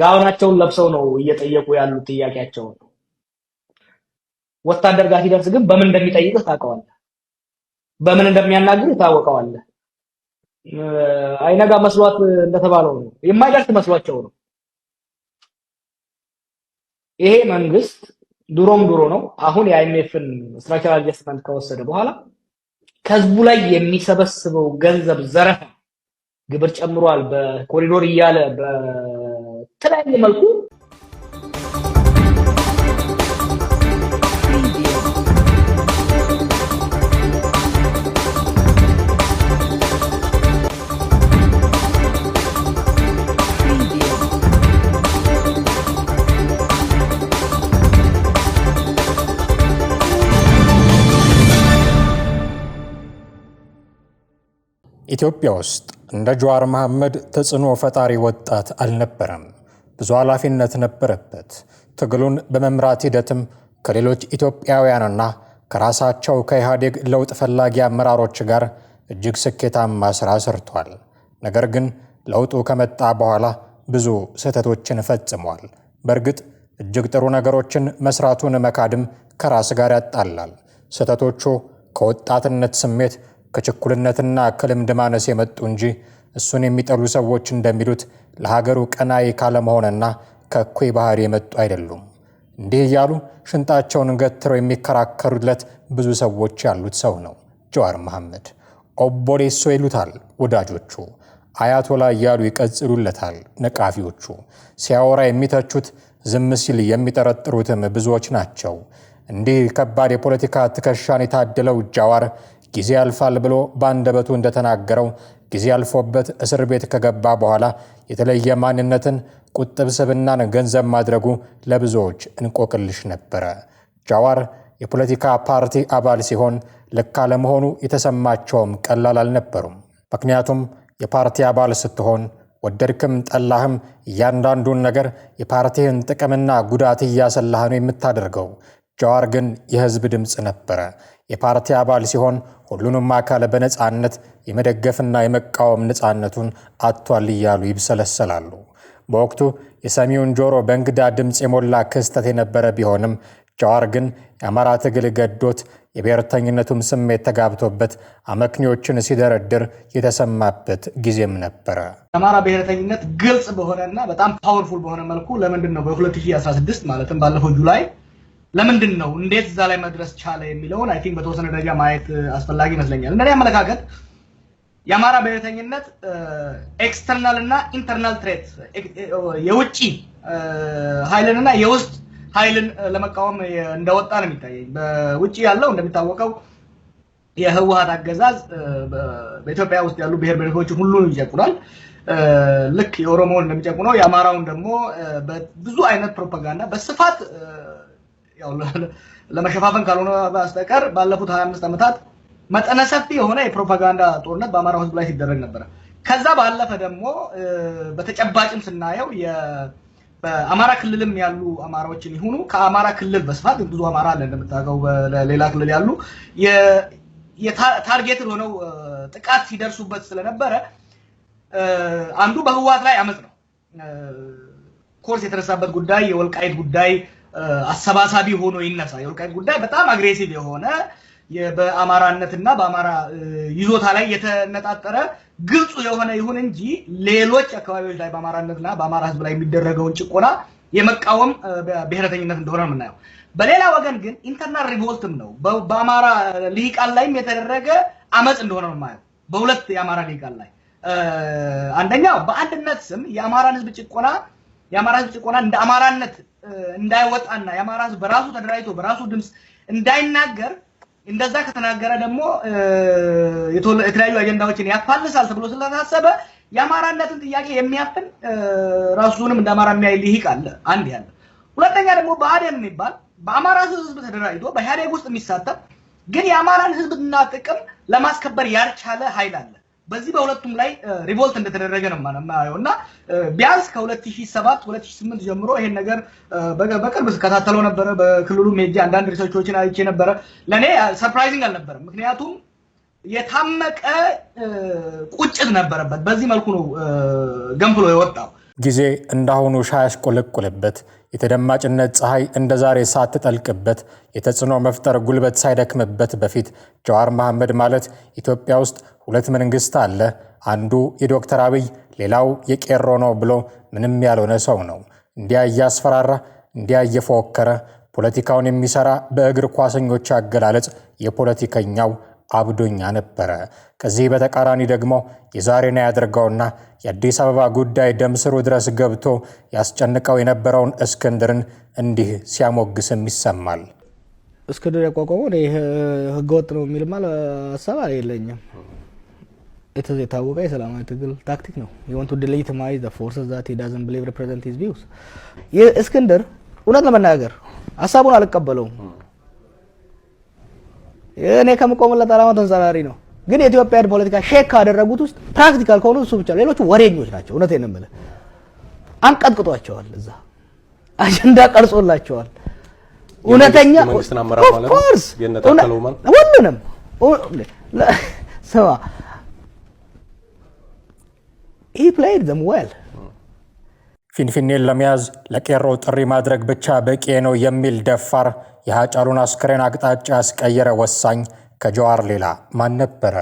ጋውናቸውን ለብሰው ነው እየጠየቁ ያሉት ጥያቄያቸውን። ወታደር ጋር ሲደርስ ግን በምን እንደሚጠይቅህ ታውቀዋለህ፣ በምን እንደሚያናግርህ ታወቀዋለህ። አይነጋ መስሏት እንደተባለው ነው የማይደርስ መስሏቸው ነው። ይሄ መንግስት ድሮም ድሮ ነው። አሁን የአይኤምኤፍን ስትራክቸራል አጀስትመንት ከወሰደ በኋላ ከህዝቡ ላይ የሚሰበስበው ገንዘብ ዘረፋ ግብር ጨምሯል፣ በኮሪዶር እያለ በተለያየ መልኩ ኢትዮጵያ ውስጥ እንደ ጀዋር መሐመድ ተጽዕኖ ፈጣሪ ወጣት አልነበረም። ብዙ ኃላፊነት ነበረበት። ትግሉን በመምራት ሂደትም ከሌሎች ኢትዮጵያውያንና ከራሳቸው ከኢህአዴግ ለውጥ ፈላጊ አመራሮች ጋር እጅግ ስኬታማ ሥራ ሰርቷል። ነገር ግን ለውጡ ከመጣ በኋላ ብዙ ስህተቶችን ፈጽሟል። በእርግጥ እጅግ ጥሩ ነገሮችን መስራቱን መካድም ከራስ ጋር ያጣላል። ስህተቶቹ ከወጣትነት ስሜት ከችኩልነትና ከልምድ ማነስ የመጡ እንጂ እሱን የሚጠሉ ሰዎች እንደሚሉት ለሀገሩ ቀናይ ካለመሆንና ከኩይ ባህሪ የመጡ አይደሉም። እንዲህ እያሉ ሽንጣቸውን ገትረው የሚከራከሩለት ብዙ ሰዎች ያሉት ሰው ነው ጀዋር መሐመድ። ኦቦሌሶ ይሉታል ወዳጆቹ፣ አያቶላ እያሉ ይቀጽሉለታል ነቃፊዎቹ። ሲያወራ የሚተቹት ዝም ሲል የሚጠረጥሩትም ብዙዎች ናቸው። እንዲህ ከባድ የፖለቲካ ትከሻን የታደለው ጃዋር ጊዜ ያልፋል ብሎ በአንደበቱ እንደተናገረው ጊዜ አልፎበት እስር ቤት ከገባ በኋላ የተለየ ማንነትን ቁጥብ ስብናን ገንዘብ ማድረጉ ለብዙዎች እንቆቅልሽ ነበረ። ጃዋር የፖለቲካ ፓርቲ አባል ሲሆን ልክ አለመሆኑ የተሰማቸውም ቀላል አልነበሩም። ምክንያቱም የፓርቲ አባል ስትሆን ወደድክም ጠላህም እያንዳንዱን ነገር የፓርቲህን ጥቅምና ጉዳት እያሰላህ ነው የምታደርገው። ጃዋር ግን የህዝብ ድምፅ ነበረ። የፓርቲ አባል ሲሆን ሁሉንም አካል በነፃነት የመደገፍና የመቃወም ነፃነቱን አጥቷል እያሉ ይብሰለሰላሉ። በወቅቱ የሰሚውን ጆሮ በእንግዳ ድምፅ የሞላ ክስተት የነበረ ቢሆንም ጃዋር ግን የአማራ ትግል ገዶት የብሔርተኝነቱም ስሜት ተጋብቶበት አመክንዮችን ሲደረድር የተሰማበት ጊዜም ነበረ። የአማራ ብሔርተኝነት ግልጽ በሆነና በጣም ፓወርፉል በሆነ መልኩ ለምንድን ነው በ2016 ማለትም ባለፈው ጁላይ ለምንድን ነው እንዴት እዛ ላይ መድረስ ቻለ የሚለውን አይ ቲንክ በተወሰነ ደረጃ ማየት uh, አስፈላጊ ይመስለኛል። እንደኔ አመለካከት የአማራ ብሔርተኝነት ኤክስተርናል uh, እና ኢንተርናል ትሬት የውጭ ኃይልን እና የውስጥ ኃይልን uh, ለመቃወም እንደወጣ ነው የሚታየኝ። በውጭ ያለው እንደሚታወቀው የህወሀት አገዛዝ በኢትዮጵያ ውስጥ ያሉ ብሔር ብሔረሰቦችን ሁሉ ይጨቁናል። ልክ የኦሮሞውን እንደሚጨቁነው የአማራውን ደግሞ በብዙ አይነት ፕሮፓጋንዳ በስፋት ለመሸፋፈን ካልሆነ በስተቀር ባለፉት 25 ዓመታት መጠነ ሰፊ የሆነ የፕሮፓጋንዳ ጦርነት በአማራ ህዝብ ላይ ሲደረግ ነበረ። ከዛ ባለፈ ደግሞ በተጨባጭም ስናየው በአማራ ክልልም ያሉ አማራዎችን ይሁኑ ከአማራ ክልል በስፋት ብዙ አማራ አለ እንደምታውቀው፣ ሌላ ክልል ያሉ የታርጌትድ ሆነው ጥቃት ሲደርሱበት ስለነበረ አንዱ በህወሓት ላይ አመፅ ነው ኮርስ የተነሳበት ጉዳይ የወልቃይት ጉዳይ አሰባሳቢ ሆኖ ይነሳ። የወልቃይት ጉዳይ በጣም አግሬሲቭ የሆነ በአማራነትና በአማራ ይዞታ ላይ የተነጣጠረ ግልጹ የሆነ ይሁን እንጂ ሌሎች አካባቢዎች ላይ በአማራነትና በአማራ ሕዝብ ላይ የሚደረገውን ጭቆና የመቃወም ብሔረተኝነት እንደሆነ ነው የምናየው። በሌላ ወገን ግን ኢንተርናል ሪቮልትም ነው በአማራ ልሂቃን ላይም የተደረገ አመፅ እንደሆነ ነው የማየው። በሁለት የአማራ ልሂቃን ላይ አንደኛው በአንድነት ስም የአማራን ሕዝብ ጭቆና የአማራ ህዝብ ጭቆና እንደ አማራነት እንዳይወጣና የአማራ ህዝብ በራሱ ተደራጅቶ በራሱ ድምፅ እንዳይናገር እንደዛ ከተናገረ ደግሞ የተለያዩ አጀንዳዎችን ያፋልሳል ተብሎ ስለታሰበ የአማራነትን ጥያቄ የሚያፍን ራሱንም እንደ አማራ የሚያይ ልሂቅ አለ። አንድ ያለ። ሁለተኛ ደግሞ ብአዴን የሚባል በአማራ ህዝብ ተደራጅቶ በኢህአዴግ ውስጥ የሚሳተፍ ግን የአማራን ህዝብና ጥቅም ለማስከበር ያልቻለ ሀይል አለ። በዚህ በሁለቱም ላይ ሪቮልት እንደተደረገ ነው የማየው እና ቢያንስ ከ2007 2008 ጀምሮ ይሄን ነገር በቅርብ ስከታተለው ነበረ። በክልሉ ሄጄ አንዳንድ ሪሰርቾችን አይቼ ነበረ። ለእኔ ሰርፕራይዚንግ አልነበረም፣ ምክንያቱም የታመቀ ቁጭት ነበረበት። በዚህ መልኩ ነው ገንፍሎ የወጣው። ጊዜ እንዳሁኑ ሻይ የተደማጭነት ፀሐይ እንደ ዛሬ ሳትጠልቅበት የተጽዕኖ መፍጠር ጉልበት ሳይደክምበት በፊት ጀዋር መሐመድ ማለት ኢትዮጵያ ውስጥ ሁለት መንግስት አለ፣ አንዱ የዶክተር አብይ ሌላው የቄሮ ነው ብሎ ምንም ያልሆነ ሰው ነው። እንዲያ እያስፈራራ እንዲያ እየፎከረ ፖለቲካውን የሚሰራ በእግር ኳሰኞች አገላለጽ የፖለቲከኛው አብዶኛ ነበረ። ከዚህ በተቃራኒ ደግሞ የዛሬን ያደርገውና የአዲስ አበባ ጉዳይ ደምስሩ ድረስ ገብቶ ያስጨንቀው የነበረውን እስክንድርን እንዲህ ሲያሞግስም ይሰማል። እስክንድር ያቋቋመው ህገወጥ ነው የሚል ሀሳብ የለኝም። የታወቀ የሰላማዊ ትግል ታክቲክ ነው። የወንቱ ድለይትማይ ፎርስ ዛት ዳዝን ብሊቭ ሪፕሬዘንት ሂዝ ቪውስ። እስክንድር እውነት ለመናገር ሀሳቡን አልቀበለውም እኔ ከምቆምለት ዓላማ ተንጸራሪ ነው። ግን የኢትዮጵያን ፖለቲካ ሼክ ካደረጉት ውስጥ ፕራክቲካል ከሆኑ እሱ ብቻ፣ ሌሎቹ ወሬኞች ናቸው። እውነት ነው የምልህ፣ አንቀጥቅጧቸዋል። እዛ አጀንዳ ቀርጾላቸዋል። እውነተኛ ኦፍኮርስ ሁሉንም ስማ ሂ ፕሌይድ ዘም ዌል ፊንፊኔን ለመያዝ ለቄሮ ጥሪ ማድረግ ብቻ በቂ ነው የሚል ደፋር የሃጫሉን አስክሬን አቅጣጫ ያስቀየረ ወሳኝ ከጀዋር ሌላ ማን ነበረ?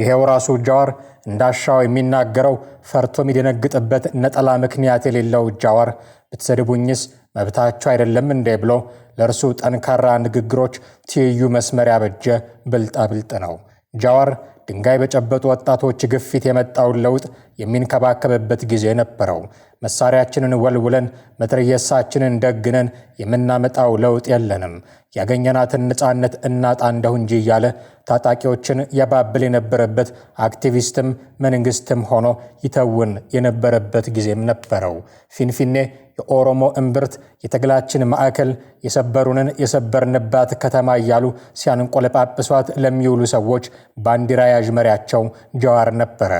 ይሄው ራሱ ጀዋር እንዳሻው የሚናገረው ፈርቶ የሚደነግጥበት ነጠላ ምክንያት የሌለው ጀዋር ብትሰድቡኝስ መብታቸው አይደለም እንዴ ብሎ ለእርሱ ጠንካራ ንግግሮች ትይዩ መስመር ያበጀ ብልጣብልጥ ነው። ጃዋር ድንጋይ በጨበጡ ወጣቶች ግፊት የመጣውን ለውጥ የሚንከባከብበት ጊዜ ነበረው። መሳሪያችንን ወልውለን መትረየሳችንን ደግነን የምናመጣው ለውጥ የለንም፣ ያገኘናትን ነፃነት እናጣ እንደሁ እንጂ እያለ ታጣቂዎችን የባብል የነበረበት አክቲቪስትም መንግስትም ሆኖ ይተውን የነበረበት ጊዜም ነበረው። ፊንፊኔ የኦሮሞ እምብርት፣ የትግላችን ማዕከል፣ የሰበሩንን የሰበርንባት ከተማ እያሉ ሲያንቆለጳጵሷት ለሚውሉ ሰዎች ባንዲራ ያዥ መሪያቸው ጀዋር ነበረ።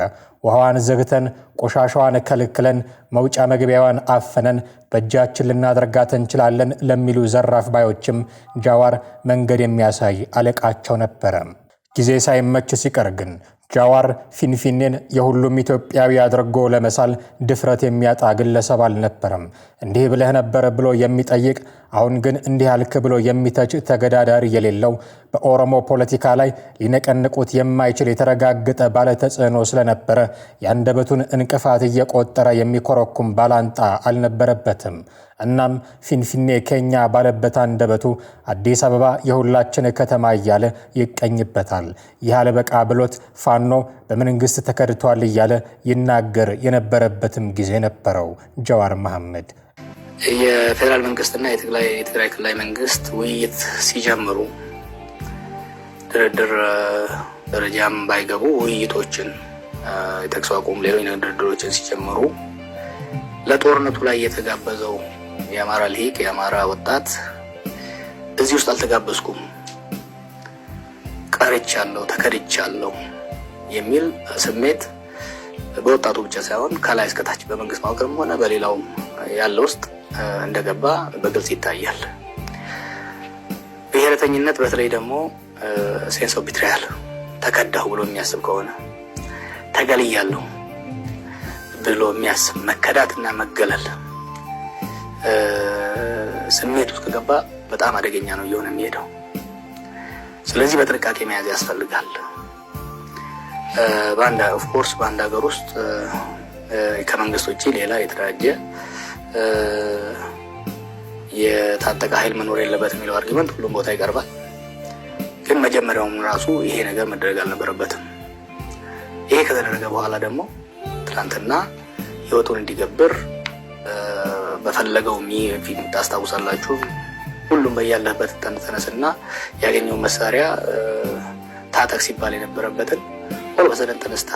ውሃዋን ዘግተን ቆሻሻዋን ከልክለን መውጫ መግቢያዋን አፈነን በእጃችን ልናደርጋት እንችላለን ለሚሉ ዘራፍ ባዮችም ጃዋር መንገድ የሚያሳይ አለቃቸው ነበረ። ጊዜ ሳይመች ሲቀር ግን ጃዋር ፊንፊኔን የሁሉም ኢትዮጵያዊ አድርጎ ለመሳል ድፍረት የሚያጣ ግለሰብ አልነበረም። እንዲህ ብለህ ነበር ብሎ የሚጠይቅ አሁን ግን እንዲህ አልክ ብሎ የሚተች ተገዳዳሪ የሌለው በኦሮሞ ፖለቲካ ላይ ሊነቀንቁት የማይችል የተረጋገጠ ባለተጽዕኖ ስለነበረ የአንደበቱን እንቅፋት እየቆጠረ የሚኮረኩም ባላንጣ አልነበረበትም። እናም ፊንፊኔ ከኛ ባለበት አንደበቱ አዲስ አበባ የሁላችን ከተማ እያለ ይቀኝበታል። ይህ አለበቃ ብሎት ፋኖ በመንግስት ተከድቷል እያለ ይናገር የነበረበትም ጊዜ ነበረው ጀዋር መሐመድ። የፌዴራል መንግስትና የትግራይ ክልላዊ መንግስት ውይይት ሲጀምሩ ድርድር ደረጃም ባይገቡ ውይይቶችን የተኩስ አቁም፣ ሌሎች ድርድሮችን ሲጀምሩ ለጦርነቱ ላይ የተጋበዘው የአማራ ልሂቅ የአማራ ወጣት እዚህ ውስጥ አልተጋበዝኩም ቀርቻለሁ፣ ተከድቻለሁ የሚል ስሜት በወጣቱ ብቻ ሳይሆን ከላይ እስከታች በመንግስት መዋቅርም ሆነ በሌላውም ያለ ውስጥ እንደገባ በግልጽ ይታያል። ብሔረተኝነት በተለይ ደግሞ ሴንስ ኦፍ ቢትሪያል ተከዳሁ ብሎ የሚያስብ ከሆነ ተገልያለሁ ብሎ የሚያስብ መከዳት እና መገለል ስሜት ውስጥ ከገባ በጣም አደገኛ ነው እየሆነ የሚሄደው። ስለዚህ በጥንቃቄ መያዝ ያስፈልጋል። ኦፍኮርስ በአንድ ሀገር ውስጥ ከመንግስት ውጭ ሌላ የተደራጀ የታጠቀ ኃይል መኖር የለበት የሚለው አርጊመንት ሁሉም ቦታ ይቀርባል። ግን መጀመሪያውም ራሱ ይሄ ነገር መደረግ አልነበረበትም። ይሄ ከተደረገ በኋላ ደግሞ ትናንትና ህይወቱን እንዲገብር በፈለገው ፊልም ታስታውሳላችሁ። ሁሉም በያለበት ተነስና ያገኘው መሳሪያ ታጠቅ ሲባል የነበረበትን ወል በሰደን ተነስታ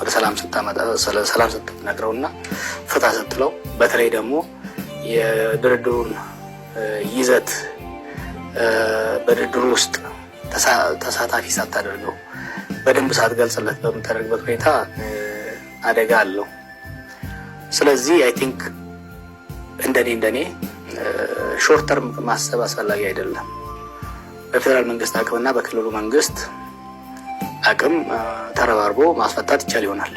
ወደ ሰላም ስታመጣ ሰላም ስትነግረው እና ፍታ ስትለው በተለይ ደግሞ የድርድሩን ይዘት በድርድሩ ውስጥ ተሳታፊ ሳታደርገው በደንብ ሳትገልጽለት በምታደርግበት ሁኔታ አደጋ አለው። ስለዚህ አይ ቲንክ እንደኔ እንደኔ ሾርት ተርም ማሰብ አስፈላጊ አይደለም። በፌዴራል መንግስት አቅምና በክልሉ መንግስት አቅም ተረባርቦ ማስፈታት ይቻል ይሆናል።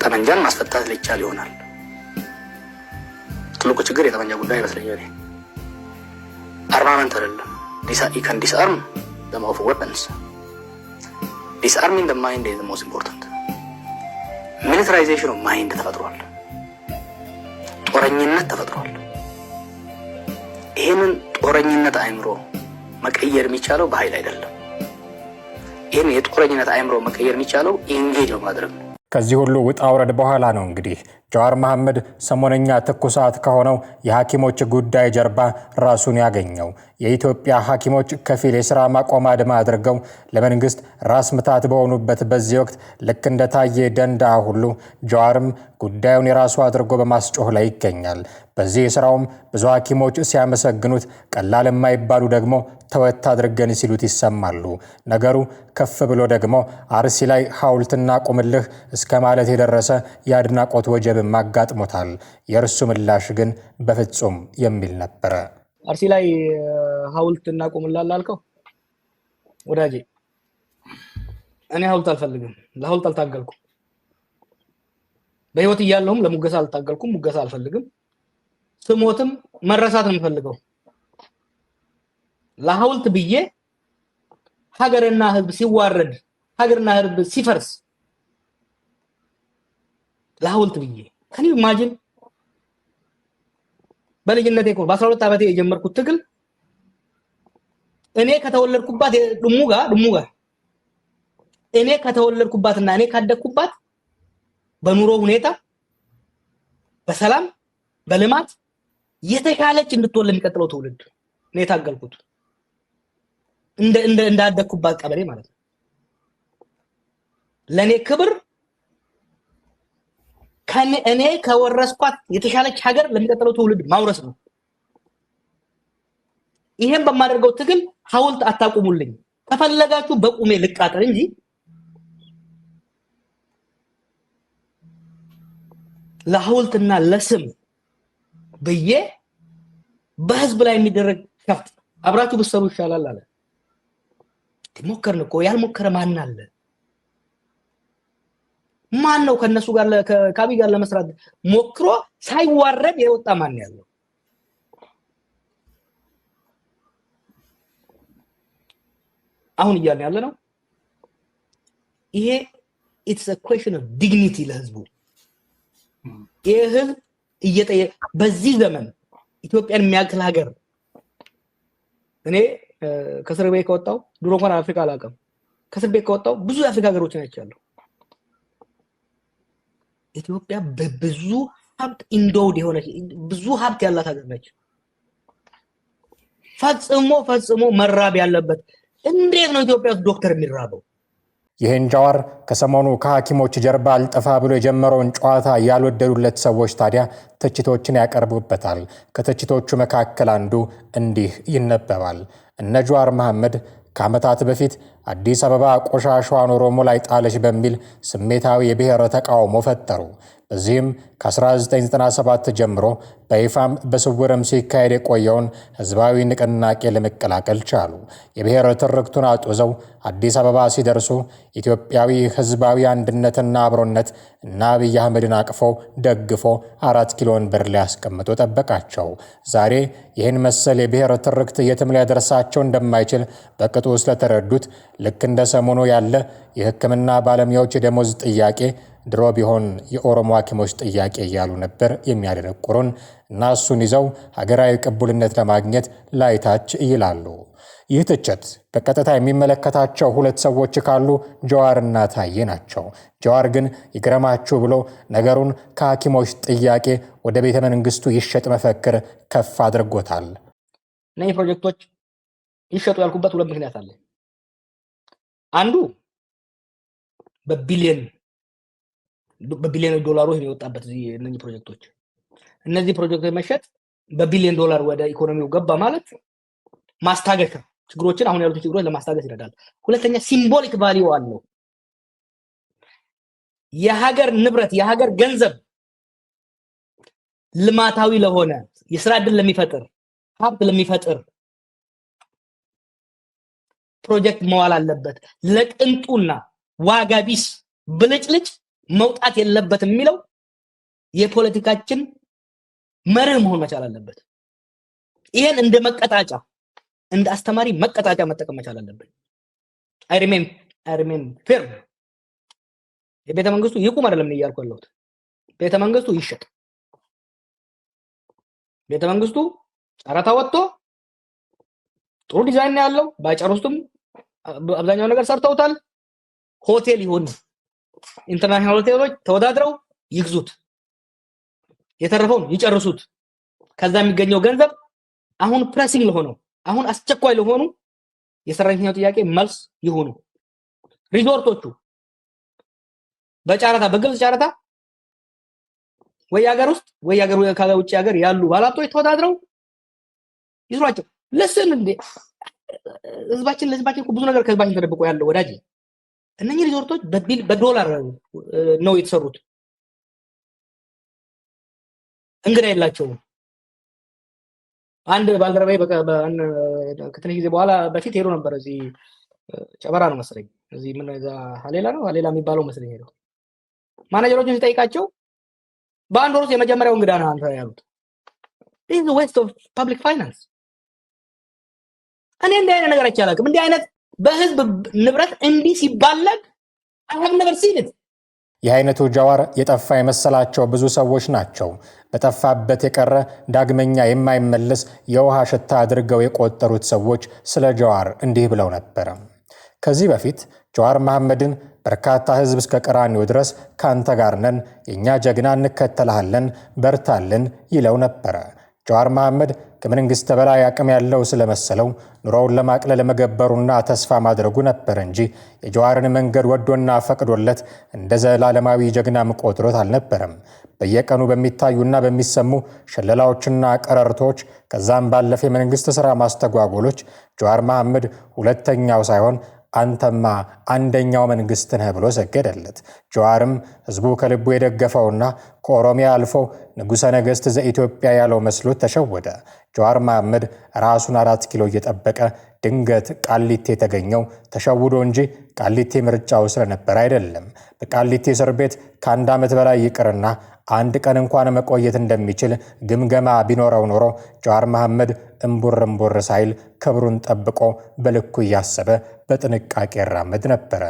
ጠመንጃን ማስፈታት ሊቻል ይሆናል። ትልቁ ችግር የጠመንጃ ጉዳይ ይመስለኛል። አርማመንት አይደለም። ኢከን ዲስአርም ዘማኦፍ ወፐንስ ዲስአርሚንግ ዘ ማይንድ ኢዝ ሞስት ኢምፖርታንት። ሚሊታራይዜሽን ኦፍ ማይንድ ተፈጥሯል። ጦረኝነት ተፈጥሯል። ይህንን ጦረኝነት አይምሮ መቀየር የሚቻለው በኃይል አይደለም። ይህን የጥቁረኝነት አይምሮ መቀየር የሚቻለው ኢንጌጅ በማድረግ ነው። ከዚህ ሁሉ ውጣ ውረድ በኋላ ነው እንግዲህ ጀዋር መሐመድ ሰሞነኛ ትኩሳት ከሆነው የሐኪሞች ጉዳይ ጀርባ ራሱን ያገኘው የኢትዮጵያ ሐኪሞች ከፊል የሥራ ማቆም አድማ አድርገው ለመንግሥት ራስ ምታት በሆኑበት በዚህ ወቅት ልክ እንደ ታዬ ደንዳ ሁሉ ጀዋርም ጉዳዩን የራሱ አድርጎ በማስጮህ ላይ ይገኛል። በዚህ ስራውም ብዙ ሐኪሞች ሲያመሰግኑት፣ ቀላል የማይባሉ ደግሞ ተወት አድርገን ሲሉት ይሰማሉ። ነገሩ ከፍ ብሎ ደግሞ አርሲ ላይ ሐውልትና ቁምልህ እስከ ማለት የደረሰ የአድናቆት ወጀብ ስድብም አጋጥሞታል። የእርሱ ምላሽ ግን በፍጹም የሚል ነበረ። አርሲ ላይ ሀውልት እናቆምላ ላልከው ወዳጄ፣ እኔ ሀውልት አልፈልግም። ለሀውልት አልታገልኩም። በህይወት እያለሁም ለሙገሳ አልታገልኩም። ሙገሳ አልፈልግም። ስሞትም መረሳት ነው የምፈልገው። ለሀውልት ብዬ ሀገርና ህዝብ ሲዋረድ፣ ሀገርና ህዝብ ሲፈርስ ለሀውልት ብዬ ከኒ ማጅን በልጅነቴ እኮ በአስራ ሁለት ዓመቴ የጀመርኩት ትግል እኔ ከተወለድኩባት ድሙ ጋር እኔ ከተወለድኩባትና እኔ ካደግኩባት በኑሮ ሁኔታ በሰላም በልማት የተሻለች እንድትወል የሚቀጥለው ትውልድ እኔ የታገልኩት እንዳደግኩባት ቀበሌ ማለት ነው። ለእኔ ክብር እኔ ከወረስኳት የተሻለች ሀገር ለሚቀጥለው ትውልድ ማውረስ ነው። ይሄን በማደርገው ትግል ሀውልት አታቁሙልኝ። ከፈለጋችሁ በቁሜ ልቃጠል እንጂ ለሀውልትና ለስም ብዬ በህዝብ ላይ የሚደረግ ከፍት አብራችሁ ብሰሩ ይሻላል አለ። ሞከርን እኮ ያልሞከረ ማን አለ? ማን ነው ከነሱ ጋር ከአብይ ጋር ለመስራት ሞክሮ ሳይዋረድ የወጣ ማን ያለው? አሁን እያልን ያለ ነው ይሄ ኢትስ አ ኩዌሽን ኦፍ ዲግኒቲ ለህዝቡ ይሄ ህዝብ እየጠየቀ በዚህ ዘመን ኢትዮጵያን የሚያክል ሀገር እኔ ከእስር ቤት ከወጣው ድሮ እንኳን አፍሪካ አላውቅም። ከእስር ቤት ከወጣው ብዙ የአፍሪካ ናቸው ያለው ኢትዮጵያ በብዙ ሀብት እንደውድ የሆነች ብዙ ሀብት ያላት ሀገር ነች። ፈጽሞ ፈጽሞ መራብ ያለበት እንዴት ነው ኢትዮጵያ ውስጥ ዶክተር የሚራበው? ይህን ጃዋር ከሰሞኑ ከሐኪሞች ጀርባ አልጠፋ ብሎ የጀመረውን ጨዋታ ያልወደዱለት ሰዎች ታዲያ ትችቶችን ያቀርቡበታል። ከትችቶቹ መካከል አንዱ እንዲህ ይነበባል። እነ ጃዋር መሐመድ ከዓመታት በፊት አዲስ አበባ ቆሻሿን ኦሮሞ ላይ ጣለች በሚል ስሜታዊ የብሔረ ተቃውሞ ፈጠሩ። በዚህም ከ1997 ጀምሮ በይፋም በስውርም ሲካሄድ የቆየውን ህዝባዊ ንቅናቄ ለመቀላቀል ቻሉ። የብሔር ትርክቱን አጡዘው አዲስ አበባ ሲደርሱ ኢትዮጵያዊ ህዝባዊ አንድነትና አብሮነት እና አብይ አህመድን አቅፎ ደግፎ አራት ኪሎን ብር ሊያስቀምጡ ጠበቃቸው። ዛሬ ይህን መሰል የብሔር ትርክት የትም ሊያደርሳቸው እንደማይችል በቅጡ ስለተረዱት ልክ እንደ ሰሞኑ ያለ የሕክምና ባለሙያዎች የደሞዝ ጥያቄ ድሮ ቢሆን የኦሮሞ ሐኪሞች ጥያቄ እያሉ ነበር የሚያደነቁሩን እና እሱን ይዘው ሀገራዊ ቅቡልነት ለማግኘት ላይታች ይላሉ። ይህ ትችት በቀጥታ የሚመለከታቸው ሁለት ሰዎች ካሉ ጀዋርና ታዬ ናቸው። ጀዋር ግን ይግረማችሁ ብሎ ነገሩን ከሐኪሞች ጥያቄ ወደ ቤተ መንግስቱ ይሸጥ መፈክር ከፍ አድርጎታል። እነዚህ ፕሮጀክቶች ይሸጡ ያልኩበት ሁለት ምክንያት አለ። አንዱ በቢሊየን በቢሊዮን ዶላር የወጣበት እነዚህ ፕሮጀክቶች እነዚህ ፕሮጀክቶች መሸጥ በቢሊዮን ዶላር ወደ ኢኮኖሚው ገባ ማለት ማስታገሻ ችግሮችን አሁን ያሉትን ችግሮች ለማስታገስ ይረዳል። ሁለተኛ ሲምቦሊክ ቫሊዩ አለው። የሀገር ንብረት የሀገር ገንዘብ ልማታዊ ለሆነ የስራ ድል ለሚፈጥር ሀብት ለሚፈጥር ፕሮጀክት መዋል አለበት። ለቅንጡና ዋጋ ቢስ ብልጭልጭ መውጣት የለበት የሚለው የፖለቲካችን መርህ መሆን መቻል አለበት። ይሄን እንደ መቀጣጫ እንደ አስተማሪ መቀጣጫ መጠቀም መቻል አለብን። አይሪሜም አይሪሜም ፌር የቤተ መንግስቱ ይቁም አይደለም እያልኩ ያለሁት ቤተ መንግስቱ ይሸጥ፣ ቤተ መንግስቱ ጨረታ ወጥቶ ጥሩ ዲዛይን ያለው በአጭር ውስጥም አብዛኛው ነገር ሰርተውታል። ሆቴል ይሁን ኢንተርናሽናል ሆቴሎች ተወዳድረው ይግዙት፣ የተረፈውን ይጨርሱት። ከዛ የሚገኘው ገንዘብ አሁን ፕሬሲንግ ለሆነው አሁን አስቸኳይ ለሆኑ የሰራተኛው ጥያቄ መልስ ይሁኑ። ሪዞርቶቹ በጨረታ በግልጽ ጨረታ ወይ ሀገር ውስጥ ወይ ሀገር ከውጭ ሀገር ያሉ ባላቶች ተወዳድረው ይስሯቸው። ለስን እንዴ ህዝባችን ለህዝባችን ብዙ ነገር ከህዝባችን ተደብቆ ያለው ወዳጅ እነኚህ ሪዞርቶች በዶላር ነው የተሰሩት። እንግዳ የላቸውም። አንድ ባልደረባዬ ከትንሽ ጊዜ በኋላ በፊት ሄዶ ነበር። እዚህ ጨበራ ነው መስለኝ እዚህ ምን ሌላ ነው ሌላ የሚባለው መስለኝ ሄደው ማናጀሮችን ሲጠይቃቸው በአንድ ወር የመጀመሪያው እንግዳ ነው አንተ ያሉት ስ ኦፍ ፐብሊክ ፋይናንስ እኔ እንዲህ አይነት ነገር አይቻላቅም። እንዲህ አይነት በህዝብ ንብረት እንዲህ ሲባለግ አሁን ነበር ሲልት የአይነቱ ጃዋር የጠፋ የመሰላቸው ብዙ ሰዎች ናቸው። በጠፋበት የቀረ ዳግመኛ የማይመለስ የውሃ ሽታ አድርገው የቆጠሩት ሰዎች ስለ ጃዋር እንዲህ ብለው ነበረ። ከዚህ በፊት ጃዋር መሐመድን በርካታ ህዝብ እስከ ቀራኒው ድረስ ካንተ ጋር ነን፣ የእኛ ጀግና እንከተልሃለን፣ በርታለን ይለው ነበረ። ጀዋር መሐመድ ከመንግሥት በላይ አቅም ያለው ስለመሰለው ኑሮውን ለማቅለል መገበሩና ተስፋ ማድረጉ ነበር እንጂ የጀዋርን መንገድ ወዶና ፈቅዶለት እንደ ዘላለማዊ ጀግናም ቆጥሮት አልነበረም። በየቀኑ በሚታዩና በሚሰሙ ሽለላዎችና ቀረርቶች ከዛም ባለፈ የመንግሥት ሥራ ማስተጓጎሎች ጀዋር መሐመድ ሁለተኛው ሳይሆን አንተማ አንደኛው መንግስት ነህ ብሎ ሰገደለት። ጀዋርም ህዝቡ ከልቡ የደገፈውና ከኦሮሚያ አልፎ ንጉሠ ነገሥት ዘኢትዮጵያ ያለው መስሎት ተሸወደ። ጀዋር መሐመድ ራሱን አራት ኪሎ እየጠበቀ ድንገት ቃሊቴ የተገኘው ተሸውዶ እንጂ ቃሊቴ ምርጫው ስለነበረ አይደለም። በቃሊቴ እስር ቤት ከአንድ ዓመት በላይ ይቅርና አንድ ቀን እንኳን መቆየት እንደሚችል ግምገማ ቢኖረው ኖሮ ጀዋር መሐመድ እምቡር እምቡር ሳይል ክብሩን ጠብቆ በልኩ እያሰበ በጥንቃቄ ይራመድ ነበረ።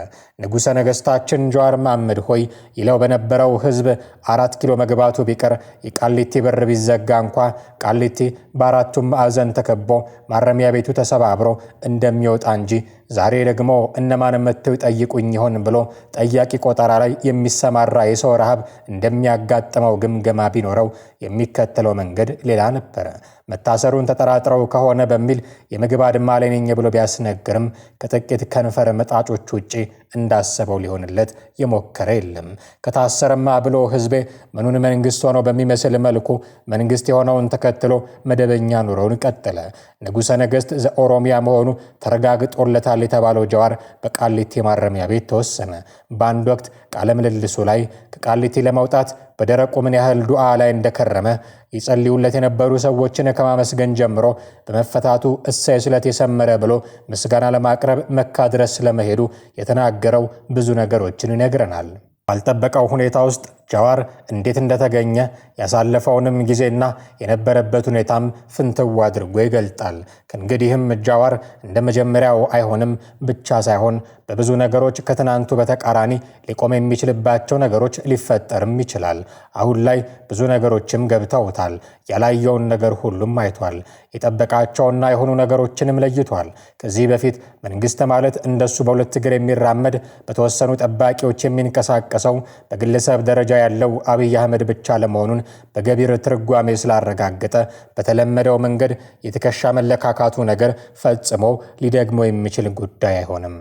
ንጉሠ ነገሥታችን ጀዋር መሐመድ ሆይ ይለው በነበረው ሕዝብ አራት ኪሎ መግባቱ ቢቀር የቃሊቲ በር ቢዘጋ እንኳ ቃሊቲ በአራቱም ማዕዘን ተከቦ ማረሚያ ቤቱ ተሰባብሮ እንደሚወጣ እንጂ ዛሬ ደግሞ እነማን መጥተው ይጠይቁኝ ይሆን ብሎ ጠያቂ ቆጠራ ላይ የሚሰማራ የሰው ረሃብ እንደሚያጋጥመው ግምገማ ቢኖረው የሚከተለው መንገድ ሌላ ነበረ። መታሰሩን ተጠራጥረው ከሆነ በሚል የምግብ አድማ ላይ ነኝ ብሎ ቢያስነግርም ከጥቂት ከንፈር መጣጮች ውጪ እንዳሰበው ሊሆንለት የሞከረ የለም። ከታሰረማ ብሎ ሕዝቤ ምኑን መንግስት ሆነው በሚመስል መልኩ መንግስት የሆነውን ተከትሎ መደበኛ ኑሮውን ቀጠለ። ንጉሠ ነገሥት ዘኦሮሚያ መሆኑ ተረጋግጦለታል የተባለው ጀዋር በቃሊቲ ማረሚያ ቤት ተወሰነ። በአንድ ወቅት ቃለ ምልልሱ ላይ ከቃሊቲ ለመውጣት በደረቁ ምን ያህል ዱዓ ላይ እንደከረመ ይጸልዩለት የነበሩ ሰዎችን ከማመስገን ጀምሮ በመፈታቱ እሰይ ስለት የሰመረ ብሎ ምስጋና ለማቅረብ መካ ድረስ ስለመሄዱ የተናገረው ብዙ ነገሮችን ይነግረናል። ባልጠበቀው ሁኔታ ውስጥ ጃዋር እንዴት እንደተገኘ ያሳለፈውንም ጊዜና የነበረበት ሁኔታም ፍንትው አድርጎ ይገልጣል። ከእንግዲህም ጃዋር እንደ መጀመሪያው አይሆንም ብቻ ሳይሆን በብዙ ነገሮች ከትናንቱ በተቃራኒ ሊቆም የሚችልባቸው ነገሮች ሊፈጠርም ይችላል። አሁን ላይ ብዙ ነገሮችም ገብተውታል። ያላየውን ነገር ሁሉም አይቷል። የጠበቃቸውና የሆኑ ነገሮችንም ለይቷል። ከዚህ በፊት መንግስት ማለት እንደሱ በሁለት እግር የሚራመድ በተወሰኑ ጠባቂዎች የሚንቀሳቀሰው በግለሰብ ደረጃ ያለው አብይ አህመድ ብቻ ለመሆኑን በገቢር ትርጓሜ ስላረጋገጠ በተለመደው መንገድ የትከሻ መለካካቱ ነገር ፈጽሞ ሊደግሞ የሚችል ጉዳይ አይሆንም።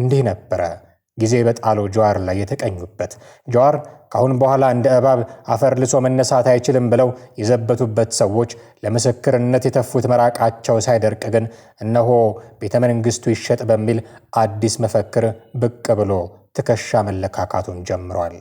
እንዲህ ነበረ ጊዜ በጣለው ጀዋር ላይ የተቀኙበት። ጀዋር ከአሁን በኋላ እንደ እባብ አፈር ልሶ መነሳት አይችልም ብለው የዘበቱበት ሰዎች ለምስክርነት የተፉት መራቃቸው ሳይደርቅ ግን እነሆ ቤተ መንግሥቱ ይሸጥ በሚል አዲስ መፈክር ብቅ ብሎ ትከሻ መለካካቱን ጀምሯል።